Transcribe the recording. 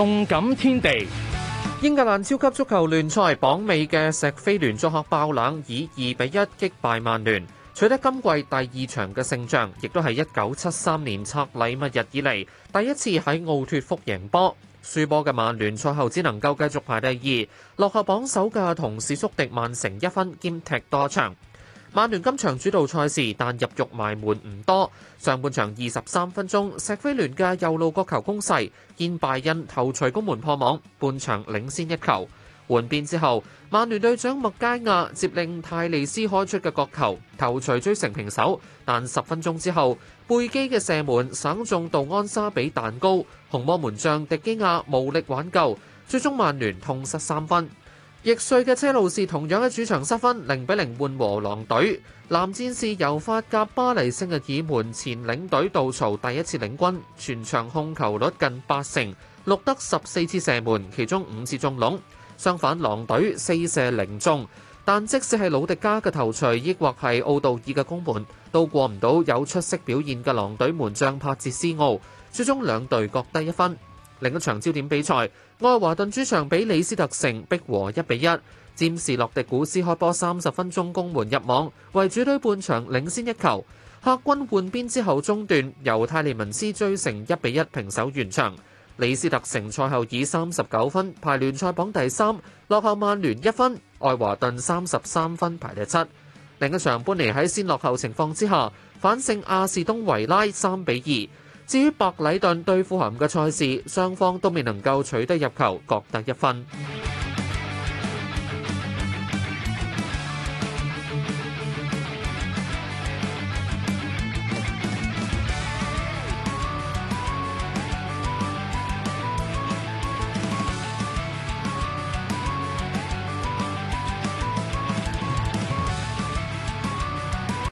動感天地，英格蘭超級足球聯賽榜，榜尾嘅錫菲聯作客爆冷，以二比一擊敗曼聯，取得今季第二場嘅勝仗，亦都係一九七三年拆禮物日以嚟第一次喺奧脱福贏波。輸波嘅曼聯賽後只能夠繼續排第二，落後榜首嘅同市宿敵曼城一分，兼踢多場。曼聯今場主導賽事，但入獄埋門唔多。上半場二十三分鐘，錫菲聯嘅右路角球攻勢，堅拜恩頭槌攻門破網，半場領先一球。換邊之後，曼聯隊長麥加亞接令泰利斯開出嘅角球，頭槌追成平手。但十分鐘之後，貝基嘅射門省中杜安沙比彈高，紅魔門將迪基亞無力挽救，最終曼聯痛失三分。易帥嘅車路士同樣喺主場失分，零比零悶和狼隊。藍戰士由法甲巴黎聖日耳門前領隊杜曹第一次領軍，全場控球率近八成，錄得十四次射門，其中五次中籠。相反，狼隊四射零中。但即使係魯迪加嘅頭槌，抑或係奧道爾嘅攻門，都過唔到有出色表現嘅狼隊門將帕切斯奧。最終兩隊各得一分。另一場焦點比賽，愛華頓主場比李斯特城逼和一比一。占士洛迪古斯開波三十分鐘攻門入網，為主隊半場領先一球。客軍換邊之後中段，由泰利文斯追成一比一平手完場。李斯特城賽後以三十九分排聯賽榜第三，落後曼聯一分。愛華頓三十三分排第七。另一場般尼喺先落後情況之下，反勝亞士東維拉三比二。至於白禮頓對富咸嘅賽事，雙方都未能夠取得入球，各得一分。